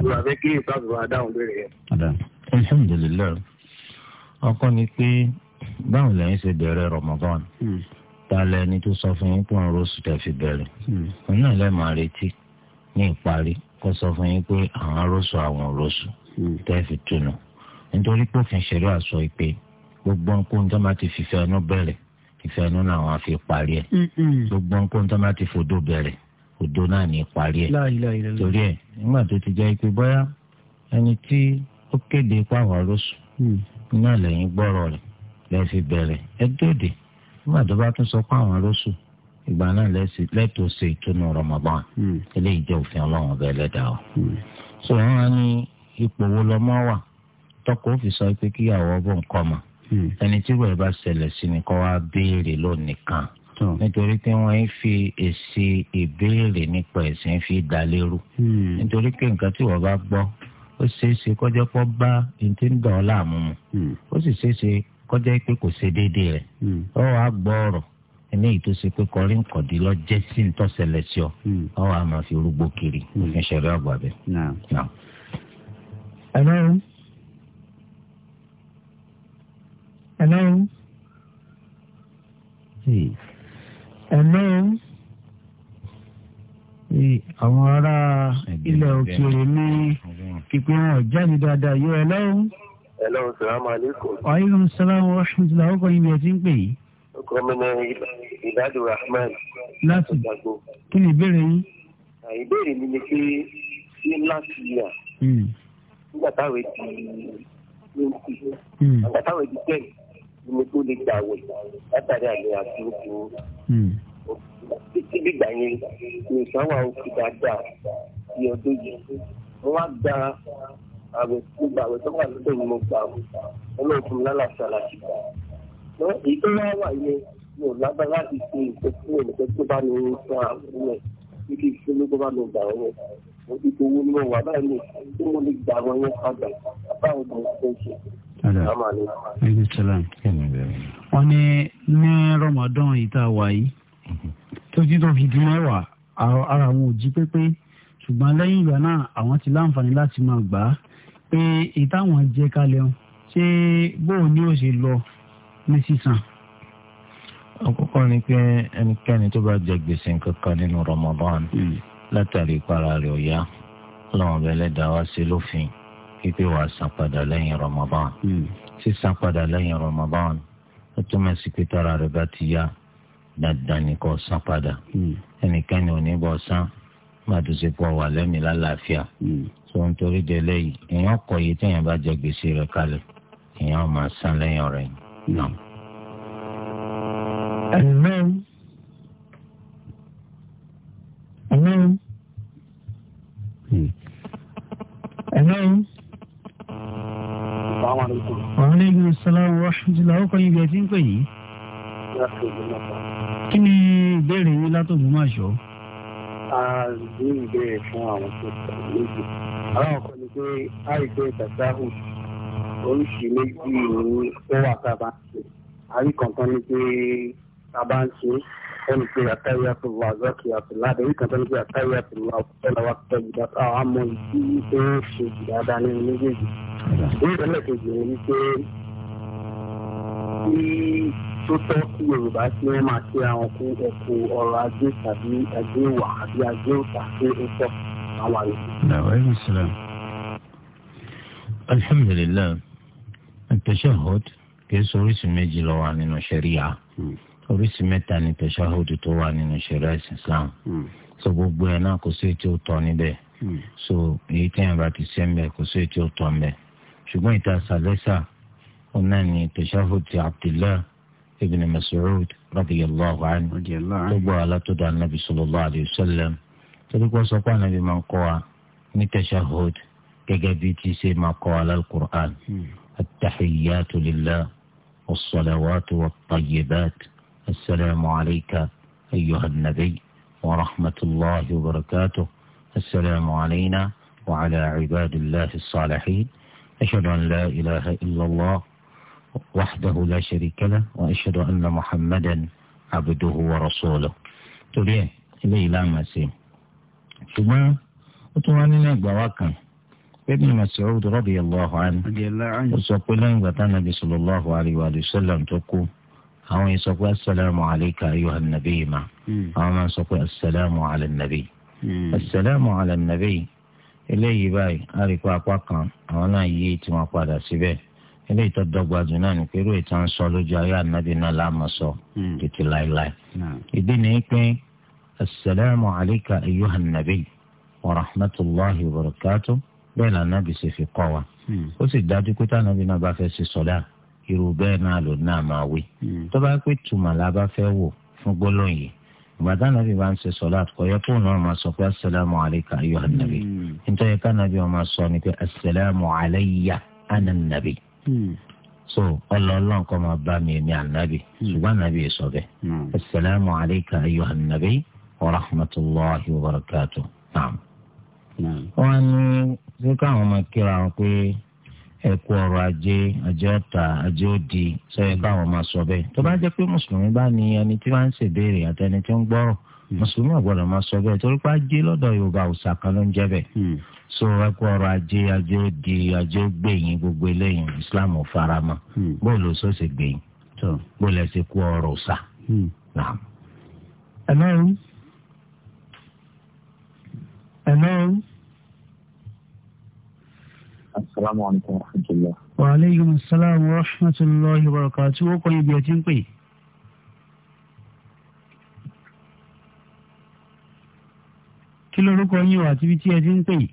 ìwà fẹ́ kí ìfàsù wa dáhùn béèrè yẹn. alhamdulilayi ọkọ ni pé báwo lẹ́yìn ṣe bẹ̀rẹ̀ Ramadan hmm. ta lẹni tó sọ fún yín pé òun rò sùn tẹ̀fi bẹ̀rẹ̀ hmm. òun náà lẹ́ẹ̀ máa retí ní ìparí kó sọ fún yín pé àwọn rọ́ṣù àwọn rọ́ṣù hmm. tẹ́ẹ̀fì túnú nítorí pé òfin ṣẹ̀rí àṣọ ìpè gbogbo nǹkan tó máa ti fìfẹ́ ẹnu bẹ̀rẹ̀ ìfẹ́ inú náà wọn fi parí ẹ̀ gbogbo nǹkan tó máa ti fòdó bẹ̀rẹ̀ òdo náà ní parí ẹ̀ torí ẹ̀ nígbà tó ti jẹ́ pé bóyá ẹni tí ó kéde pàwọ́ lóṣù mm. náà lẹ́yìn gbọ́rọ̀ rẹ̀ lẹ́ẹ̀ fi bẹ̀rẹ̀ ẹ dòde nígbà tó bá tún sọ pàwọ́ lóṣù ìgbà náà lẹ́tọ̀ọ́ ṣe ìtúnu Ramadan mm. eléyìí jẹ́ òfin ọlọ́run ọbẹ̀ ẹlẹ́dàá o. sọ wọn ní ipò wo lọmọ wà tọkọ Hmm. ẹni tí ìwà ẹ̀ bá ṣẹlẹ̀ sí ni kó wá béèrè lónìí kan nítorí pé wọ́n ń fi èsì ìbéèrè nípa ẹ̀sìn fi dá lérú hmm. nítorí pé nǹkan tí wọ́n bá gbọ́ ó ṣeéṣe kọjá pọ̀ bá ètò ń dàn ọ́ láàmú mu hmm. ó sì ṣeéṣe kọjá pé kò ṣe déédéé rẹ̀ ó wàá gbọ́ ọ̀rọ̀ ẹni èyí tó ṣe pé kọrí nkọ̀dí lọ jẹ́ sí ń tọ́sẹ̀lẹ̀ sí ọ ọ wàá máa fi rúgbó kiri òfin ṣẹlẹ̀ ọgbà bẹ́ẹ̀. Hello. Hello. Àwọn ará ilẹ̀ òkèèrè ní kíkún wọn jáde dáadáa yóò ẹ lọ́wọ́. Hello, salamu alaikum. Wa alaikum salaam wa rahmatulah, ọkọ̀ yìí ni ẹ ti ń pè yìí. Ọkọ mi ni Ìdádùn Rahman. Láti kí ni ìbéèrè yín? Ìbéèrè mi ni pé ní láti yà hmm. nígbà táwọn ti hmm. nígbà táwọn ti tẹ̀lé mo tó lè gbà wẹ̀ látàrí àlẹ́ àti oṣù hmm. títí dìgbà yẹn ní ìsanwó àwọn òkè dáadáa ní ọdún yìí wọ́n wá gba àwẹ̀ gbogbo àwẹ̀ tó wà lọ́dọ̀ ni mo gbà wọ́n ọlọ́run fún mi lálàáfíà láti gbà wọ́n èyí tó wá wà yẹn mi ò lágbára láti ṣe ìtọ́sílẹ̀ nìkan tó bá mi ń sọ àkúrẹ̀ títí ìṣẹ́lẹ̀ tó bá mi gbà wọ́n yẹn ti fi owó náà wà báyìí tí mo lè yẹn wọ́n ní ní Ramadan ìta wà yìí tó ti tó fi di mẹ́wàá ara àwọn ò jí pépé ṣùgbọ́n lẹ́yìn ìgbà náà àwọn ti láǹfààní láti máa gbà á pé ìtàwọn jẹ kalẹ̀ ọ̀hún ṣé bóun ni ó ṣe lọ ní sísan. àkọ́kọ́ ni pé ẹnikẹ́ni tó bá jẹ gbèsè nǹkan kan nínú Ramadan hmm. látàrí ìpara rẹ̀ ọ̀yá lọ́wọ́n bẹ̀lẹ̀ dá wá sí lófin pípé wàá san padà lẹ́yìn Ramadan hmm. sísan padà lẹ́yìn Ramadan ó túmọ̀ sí pé tára rẹ̀ bá ti yá dandan ni kò san padà hmm. ẹnikẹ́ni ò ní bọ̀ san màdùsípọ̀ wà lẹ́mí lálàáfíà tó hmm. ń torí de lẹ́yìn èèyàn kọ iye téèyàn bá jẹ gbèsè rẹ̀ kalẹ̀ èèyàn máa san lẹ́yìn ọ̀rẹ́ yìí. Hmm. orúkọ yín bí ẹ ti ń pè yín. kí ni ìbéèrè yín látògùn máa ṣọ. àbí ìbéèrè fún àwọn tó sọ méjì àwọn ọkọ ni pé àìpé tàṣáhù oríṣi méjì ni ó wà tá a bá ń ṣe àrí kankan ni pé tá a bá ń ṣe ẹni pé àtàrí àtúwò àzọkì àtúládé ẹni kankan ni pé àtàrí àtúwò àtúwò àtúwò àtúwò àmọ́ ìdí tó ń ṣe dáadáa nínú méjèèjì. ní kejì ni wípé tí tó yorùbá tí wọ́n máa ṣe àwọn kú ajé tàbí ajé ìwà àbí ajé òkà tó àwọn àlejò. alhamdulilayi at-tashahhud kìí oríṣi méjì ló wà nínú ṣẹ̀ríà hmm. oríṣi mẹ́ta ni tó wà nínú hmm. so gbogbo ẹ̀ náà kò sí ètò ọ̀tọ̀ hmm. so èyí bá ti kò sí ونعني تشهد عبد الله ابن مسعود رضي الله عنه رضي الله عنه تبوى على تدعى النبي صلى الله عليه وسلم تبوا سقى النبي من قوى نتشهد كجبيتي سيما قوى القرآن التحيات لله والصلوات والطيبات السلام عليك أيها النبي ورحمة الله وبركاته السلام علينا وعلى عباد الله الصالحين أشهد أن لا إله إلا الله وحده لا شريك له وأشهد أن محمدا عبده ورسوله تري إلي لا ما مسيح ثم أتواني نبواكا ابن مسعود رضي الله عنه رضي الله عنه وسقل لنبوة النبي صلى الله عليه وآله وسلم توكو أو يسقل السلام عليك أيها النبي ما أو من السلام على النبي السلام على النبي إليه باي أريكوا أقواكا أو أنا يجيت ما قادة سبيه ilé ìtọ́ dọ́gba jù náà ní pé irú ìtọ́ ń sọ lójú ayé ànábì náà láàmú sọ hmm. títí láéláé. ìdí ni pé asalaamu alayka ayyuha nabi wa rahmatulahi wa barakatu bẹ́ẹ̀ náà nábì sì fi kọ́ wa. Hmm. ó sì dájú pé tánábì náà bá fẹ́ ṣe sọ́dá irú bẹ́ẹ̀ náà ló náà máa wí. Hmm. tó bá pé tùmọ̀ la bá fẹ́ wò fún gbólóhùn yìí ìgbàdá bá ń ṣe sọlá kò yẹ kó náà máa sọ pé asalaamu alayka ayyuha nabi nítorí ká nàbí wọn máa sọ ni pé asalaamu alayya ana nabi. Hmm. so ọlọ́ọ̀lọ́n kọ́ máa bá mi èmi ànábì hmm. ṣùgbọ́n ànábì sọ bẹ́ẹ̀. Hmm. asalaamu aleyka ayo ànábì wa rahmatulahi wa barakatu. wọ́n ní ṣé káwọn máa kíra wọn pé ẹ ọrọ̀ ajé ajé ọ̀tà ajé òdì káwọn máa sọ bẹ́ẹ̀. tó bá jẹ́ pé mùsùlùmí bá ní ẹni tí wọ́n ń ṣèbéèrè àti ẹni tí mùsùlùmí ọ̀gbọ́dọ̀ máa sọ bẹ́ẹ̀ torí pé ajé lọ́dọ̀ yorùbá òòṣà kan ló hmm. so ẹkọ ọrụ ajé ajé di ajé gbẹ̀yìn gbogbo eléyìí islam ò fara mọ́ bóòlù ó sọ̀sẹ̀ gbẹ̀yìn bóòlù ẹ̀sẹ̀ kú ọ̀rọ̀ asalaamualeykum wa rahmatulah. salaam wa rahmatulah kí lórúkọ yín o àti ibi tí ẹ ti ń pè yìí.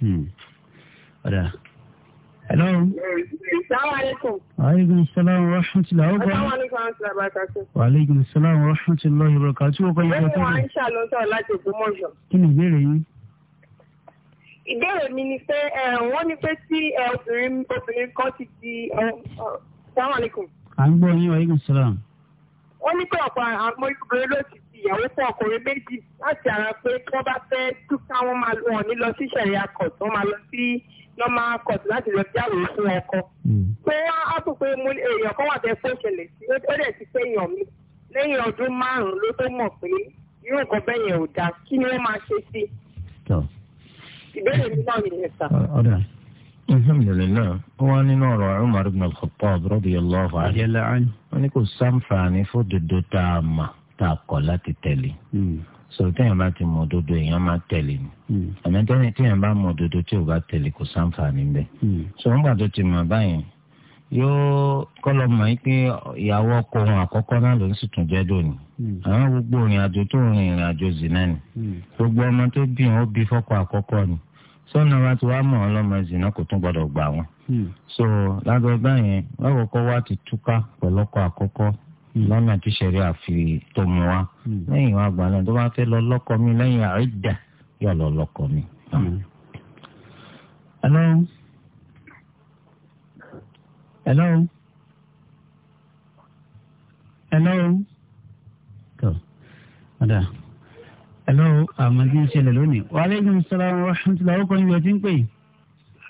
Hmm. ọ̀dà. hello. salaamaleykum. aleykum salaam wa rahmatulah. wa aleykum salaam wa rahmatulah ibrahima tí o kọ́ yín lọ́tọ́. wọ́n ń ṣàlùsọ̀ láti Ògbómọ̀ṣọ́. kí ni ìbéèrè yín ìbéèrè mi ni pé wọ́n ní pé tí obìnrin obìnrin kan ti di sàmàlìkùn. à ń gbọ́ yín wàhálà sàlám. wọ́n ní pé ọ̀pọ̀ àwọn obìnrin ló ti ìyàwó fún ọkùnrin méjì láti ara pé tí wọ́n bá fẹ́ túká wọ́n máa lọ ní lọ sí ṣẹ̀ríà court wọ́n máa lọ sí normal court láti lọ jáwé fún ọkọ. pé hmm. wọ́n á tún pé èèyàn kan wà bẹ́ẹ̀ fún ìṣẹ̀lẹ̀ sí ó dẹ̀ ti fẹ́ yàn mí lẹ́yìn ọdún márùn ló tó mọ̀ pé irú nǹkan bẹ́ẹ̀ yẹn ò dáa kí ni wọ́n máa ṣe sí. ìbéèrè mi náà nìyẹn sà. alhamdulilayi ó wá nínú ọ̀rọ̀ Umar ibn al-Khattab radiyallahu anhu. wọ́n ní kò sáǹfààní ta kọ kọ̀ láti tẹ̀lé hmm. sọ̀rọ̀ téèyàn bá ti mọ òdodo èèyàn máa tẹ̀lé ni hmm. bá mọ òdodo tí ò bá tẹ̀lé kò sáǹfààní bẹ́ẹ̀ hmm. sọ̀rọ̀ nígbà tó ti mọ̀ báyìí yóò kọ́lọ́ mọ̀ pé ìyàwó ọkọ òun àkọ́kọ́ náà ló ń sì tún jẹ́ dòní àwọn gbogbo òrìn àjò tó rìn ìrìn àjò ni gbogbo ọmọ tó bí wọn ó bí àkọ́kọ́ ni sọ́nà wa ti wá mọ̀ so lábẹ́ wọ́n kọ́kọ́ lọ́nà tí sẹ̀rí àfi tó mu wá hmm. lẹ́yìn wá gbà náà tó bá fẹ́ lọ lọ́kọ mi lẹ́yìn àìdà yóò lọ lọ́kọ mi. Hmm. hello hello hello tó ọ̀dà hello àmọ́tí ń ṣẹlẹ̀ lónìí wa salaam wa rahmatullahi ó kọ́ ibi ọtí ń pè.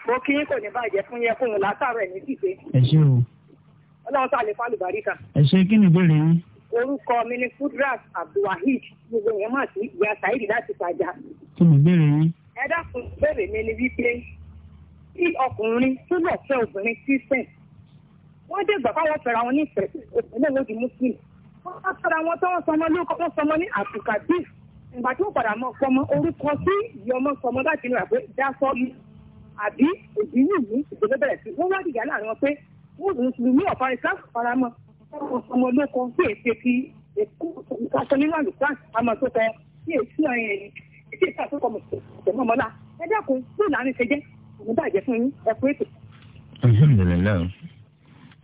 mo kí kò ní bàjẹ́ fún yẹ fún un látàrọ̀ ẹ̀ ní kíkẹ́. ẹ ṣé o ọlọ́run sàlẹ̀ fàlùbáríkà. ẹ ṣe kí ni ìbéèrè yín. orúkọ mi ni Kudrat Abdulwaheed gbogbo yẹn mà sí ìyá Saheed láti pàjá. kí ni ìbéèrè yín. ẹ dákun ìbéèrè mi ni wípé tí ọkùnrin tó lọ fẹ́ obìnrin Christian wọ́n dé gbà fáwọn fẹ́ra wọn nífẹ̀ẹ́ òpínlẹ̀ lóde Muslim wọ́n fẹ́ra wọn tó wọ́n sọmọ lóko wọ́n sọmọ ní Abdulkadir ìgbà tí ó padà mọ fọmọ orúkọ sí ìyọmọ sọmọ láti inú àgbẹ̀ dá sọ́ọ̀lù àbí òbí yìí ní ìgbẹ́lẹ́bẹ̀rẹ̀ sí wọ́n wá dìgbà láàrin wọn pé mùsùlùmí ọ̀fà ìsá faramọ́ ọmọ olóko sí èsì ti èkó ìkàṣọ nínú àlùkà àmọ́ tó kọ sí èsì ọ̀yìn ẹ̀yìn èsì ìta tó kọ mùsùlùmí ọmọlá ẹ dákun tó láàrin ṣe jẹ́ òun bàjẹ́ fún yín ẹ kú ètò. alhamdulilayi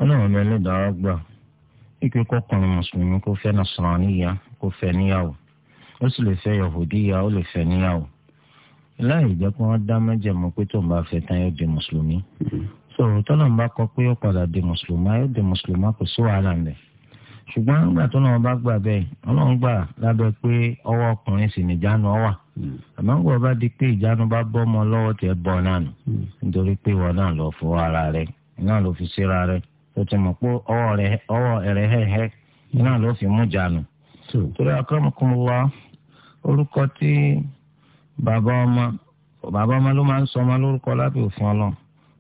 ọlọ́run mi ló dára gbà ike kọkùnrin mùsùlùmí kò fẹ́ nàṣàrán kò láì jẹ́ pé wọ́n dá mẹ́jẹ̀ mọ́ pé tóun bá fẹ́ tán yóò di mùsùlùmí sọ̀rọ̀ tọ́lọ̀ ń bá kọ pé ó padà di mùsùlùmá yóò di mùsùlùmá kò sí wàhálà ń ṣùgbọ́n nígbà tó náà bá gbà bẹ́ẹ̀ ọlọ́run gbà lábẹ́ pé ọwọ́ ọkùnrin sì ni ìjánu ọwà hmm. àmọ́ gbọ́ bá di pé ìjánu bá bọ́ ọmọ lọ́wọ́ bọ́ náà nù hmm. nítorí pé ìwọ náà lọ ara rẹ náà ló fi síra rẹ tó ti mọ̀ pé ọwọ́ rẹ hẹ́hẹ́ náà ló fi mú jánu. torí orúkọ tí bàbá ọmọ bàbá ọmọ ló máa ń sọ ọmọ lórúkọ lábẹ́ òfin ọlọ́run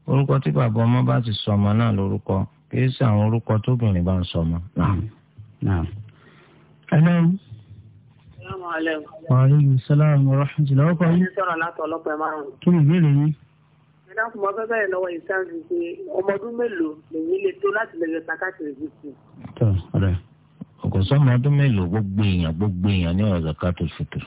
orúkọ tí bàbá ọmọ bá ti sọmọ náà lórúkọ kìí ṣe àwọn orúkọ tóbìnrin bá ń sọmọ. ẹlẹ́ o. Aleykum salaam wa rahmatulah. Ọkọ yìí. Ṣé sọ̀rọ̀ látọ̀ ọlọ́pàá márùn-ún? Kí ni ìbéèrè yín? Ìdáhùn mọ́ fẹ́ bẹ̀rẹ̀ lọ́wọ́ ìsáǹsì pé ọmọ ọdún mélòó lèyí lè tó láti lè yọ sàkáàtì rẹ̀ bí sí. Tọ́ ọ̀rẹ́ kò sọmọ ọdún mélòó gbogbo èèyàn gbogbo èèyàn ní ọ̀rọ̀ zakato fitr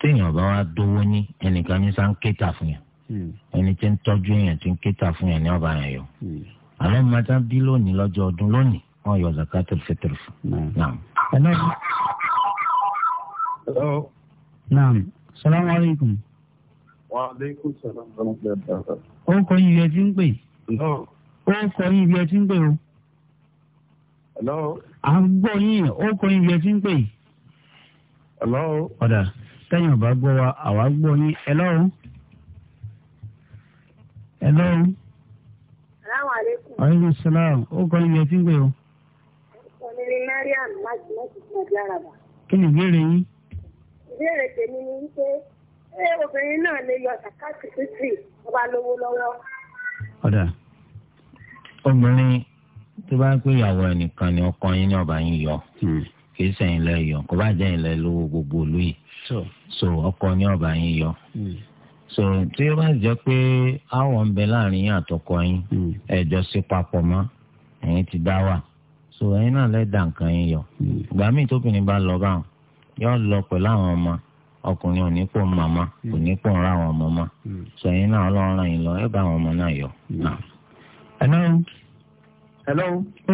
téèyàn bá wá dówó ní ẹnìkan ní sáńkéta fún yàn Hmm. ẹni tí ń tọ́jú yẹn tí ń kéta fún yẹn ní ọba yẹn yọ. Hmm. àlọ́ mi máa tán bí lónìí lọ́jọ́ ọdún lónìí wọ́n yọ zakat al-fitr fún. Hmm. naam salaam aleykum. wa aleykum salaam wa rahmatulah. ó kọ ibi ẹ ti ń pè. ó kọ ibi ẹ ti ń pè o. à ń gbọ́ yín ó kọ ibi ẹ ti ń pè. ọ̀dà tẹ́yìn ọ̀bá gbọ́ wa àwa gbọ́ yín. hello. salaamaleykum. aleykum salaam ó kọ́ ibi ẹtí gbé o. ni mariam láti láti fún ọdún araba. kí ni ìbéèrè yín. ìbéèrè tèmi ni wípé ṣé obìnrin náà lè yọ sàkáàtì títì lówó lọ́wọ́. ọ̀dà obìnrin tó bá pé ìyàwó ni ọba yín yọ hmm. gbogbo olóyè so ọkọ ọba yín yọ hmm. so tí ó bá jẹ́ pé àwọn ń bẹ láàrin yín àtọkọ yín hmm. ẹjọ́ sí papọ̀ mọ́ ẹ̀yin ti dá wà so ẹ̀yin náà lẹ́dà nǹkan yín yọ hmm. ìgbà míì tóbìnrin bá lọ báwọn yóò lọ pẹ̀lú àwọn ọmọ ọkùnrin ò ní pò ń màmá hmm. kò ní pò ń ra àwọn ọmọ mọ ẹ̀yin náà Ọlọ́run ràn yín lọ bá àwọn ọmọ náà yọ. ó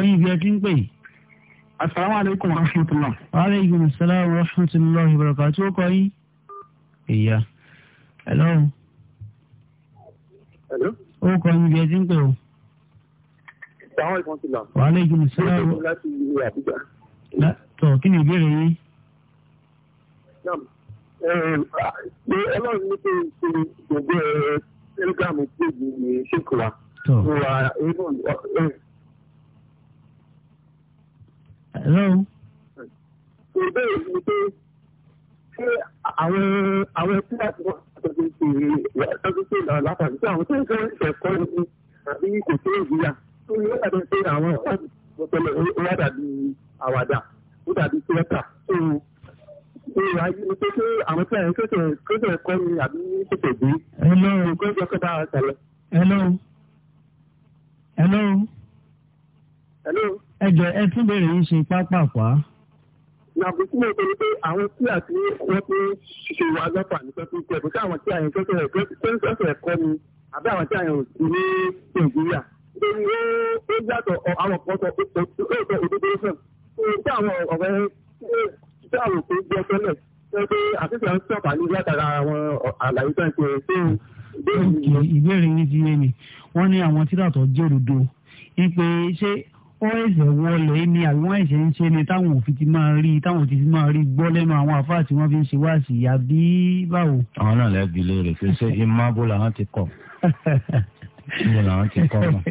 kọ́ ń pè asalaamu aleykum wa rahmatulah. wa aleykum salaam wa rahmatulah ibaraka tí ó kọ yín. hello. hello. ó kọ yín bí ẹ ti ń pè o. ìsàwọn ìfọ̀n ti là. wa aleykum salaam. ó kọ láti ìlú àbújá. látọ̀ kí ni ìbéèrè yín. pé ọlọ́run ní pé ìṣòro ìṣòro telegram page ní ṣèkùrà. tó wa Hello. Ṣé bẹ́ẹ̀ ni pé ṣé àwọn àwọn ẹkú láti wọ́n tọ́jú sí tọ́jú sí ìlànà látàrí sí àwọn tó ń fẹ́ ìṣẹ̀kọ́ ní àbí kò tó ìgbéyà tó ní wọ́n dàbí pé àwọn ọ̀pọ̀lọpọ̀ wọ́n dàbí àwàdà ó dàbí tíwẹ́tà tó ìwà yìí pé pé àwọn tí àwọn kéde kéde ẹ̀kọ́ ni àbí kéde ìgbé. Hello. Kò ń jẹ́ kó dára sẹ̀lẹ̀. Hello. Hello. Hello ẹ jọ ẹ tún bèrè yín ṣe pápákọ̀ á. nàbó tí mo sọ ni pé àwọn tí àti wọn ti ṣe wà lọ́pàá nípa tó jẹ́ bókẹ́ àwọn tí àyàn tó sọ̀rọ̀ tó ń sọ̀rọ̀ ẹ̀kọ́ ni àbí àwọn tí àyàn ò sí ní nàìjíríà ó ó yàtọ̀ àwọn kan sọ òótọ́ òdodo fẹ́ tí àwọn ọ̀rẹ́ tí àwọn òkú jẹ́ tẹ́lẹ̀ tẹ́ pé àfihàn ń sọ̀pà ní látara àwọn àlàyé tó ń pè é tó ìbéèrè yín ti yé mi wọ́n ní àwọn tírà tó jẹ́ òdodo ń pé ṣé wọ́n ẹ̀sẹ̀ wọlé ni àbí wọ́n ẹ̀sẹ̀ ń ṣe ni táwọn òfin ti máa rí táwọn ti máa rí gbọ́ lẹ́nu àwọn àfáà tí wọ́n fi ń ṣe wá sí ìyá bí báwo. àwọn náà lẹ́bi léèrè pé ṣé imábó làwọn ti kọ̀ imábó làwọn ti kọ̀ mọ́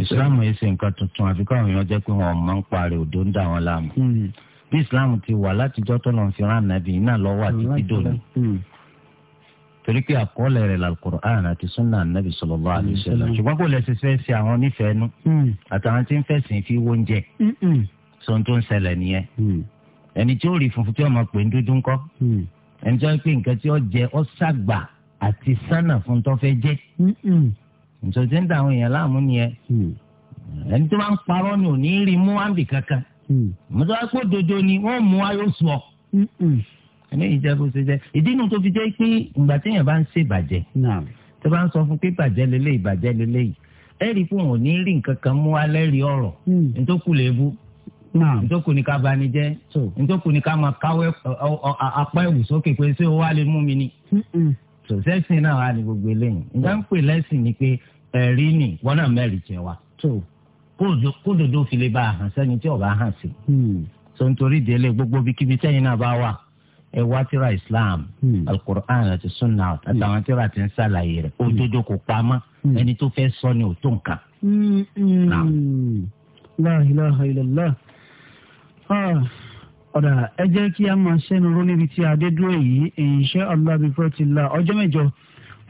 ìsìláàmù yìí ṣe nǹkan tuntun àfi káwọn èèyàn jẹ́ pé wọ́n máa ń parí òdo ń dà wọ́n láàmú hmm. bí ìsìláàmù ti wà látijọ́ tó lọ́n fi rán nàbì iná lọ́wọ́ àti dídò ni hmm torí pé àkọọ́lẹ̀ rẹ̀ la alukur'an àti sunna anabi sallallahu alaihi wasallam ṣùgbọ́n kò lẹ́sẹ̀ fẹ́ ṣe àwọn onífẹ̀ẹ́ nu mm. àtàwọn tí ń fẹ̀sìn fi wó oúnjẹ sọ̀n tó ń ṣẹlẹ̀ nìyẹn mm. ẹni tí ó rí funfun tí ọmọ pè ń dúdú ńkọ́ mm. ẹni tí wọ́n pè nǹkan tí ó jẹ ó ṣàgbà àti sánà fún tó fẹ́ jẹ́ nítorí tí àwọn èèyàn láàmú nìyẹn ẹni tí wọ́n ń parọ́ ni ò ní rí mú wáǹdì kankan mọ́tò wá ẹni ìjẹ́ bó ṣe jẹ́ ìdí inú tó fi jẹ́ pé ìgbà téèyàn bá ń ṣe ìbàjẹ́ tó bá ń sọ fún pé ìbàjẹ́ lélẹ̀ ìbàjẹ́ lélẹ̀ yìí ẹ̀rí fún wọn ní rí nǹkan kan mú alẹ́ rí ọ̀rọ̀ hmm. nítòkù lébu nítòkù ní ká bani jẹ́ nítòkù ní ká máa káwé apá ẹ̀wù sókè pé ṣé o wá lè mú mi ni sẹ́sìn náà wà ní gbogbo eléyìí nǹkan ń pè lẹ́sìn ni pé ẹ̀rí ni wọn náà mẹ́rin jẹ wa kódodo fi lè bá a hàn sẹ́ni ẹ wá tíra islam hmm. alukur'an àti sunna àtàwọn tíra ti ń ṣàlàyé rẹ̀ hmm. òdodo kò pamọ́ hmm. ẹni tó fẹ́ sọ ni ò tó nǹkan. la ilaha illallah ah, ọ̀dà ẹ jẹ́ kí a máa ṣẹ́nu ró níbi tí adé dúró yìí insha Allah bífọ́ ti la ọjọ́ mẹ́jọ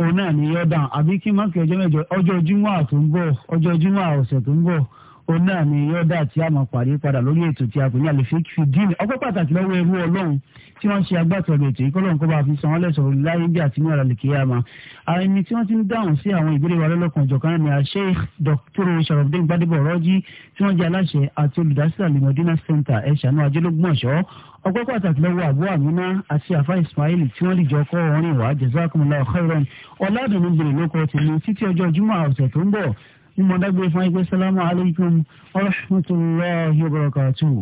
òun náà ni yọ̀dàn àbí kí má kí ọjọ́ mẹ́jọ ọjọ́ júmọ́ àtúnbọ̀ ọjọ́ júmọ́ àwọ̀sẹ̀ tó ń bọ̀ òun ni yọ̀dá tí a máa pàdé padà lórí ètò tí a pè ní àlèfíkì fi dín ní ọgbẹ́ pàtàkì lọ́wọ́ ẹrú ọlọ́run tí wọ́n ṣe agbátẹrù ètò yìí kọ́lọ́run kó bá fi san wọ́n lẹ́sọ̀rọ̀ láyé bí àti ní ọ̀làlẹ̀ kìí àmà àìní tí wọ́n ti ń dáhùn sí àwọn ìbéèrè wa lọ́lọ́kan ìjọ̀kan ní Sheikh Dr. Sharafdin Gbadebo Rọ́jí tí wọ́n jẹ́ aláṣẹ àti olùdásílẹ̀ al Center ẹ̀ṣánú ajẹ́lógúnmọ̀ṣọ́ ọgbẹ́ pàtàkì lọ́wọ́ àbú àmínà àti àfa Ismail tí wọ́n lè jọ kọ́ orin wà jazakumullahu khairan ọ̀làdùnúbìnrin ló kọ́ tèmi títí ọjọ́ Jímọ̀ ọ̀sẹ̀ tó ni mo dágbé fún ẹgbẹ́ sálámù alaykum wa rahmatullahi wa barakatuhu.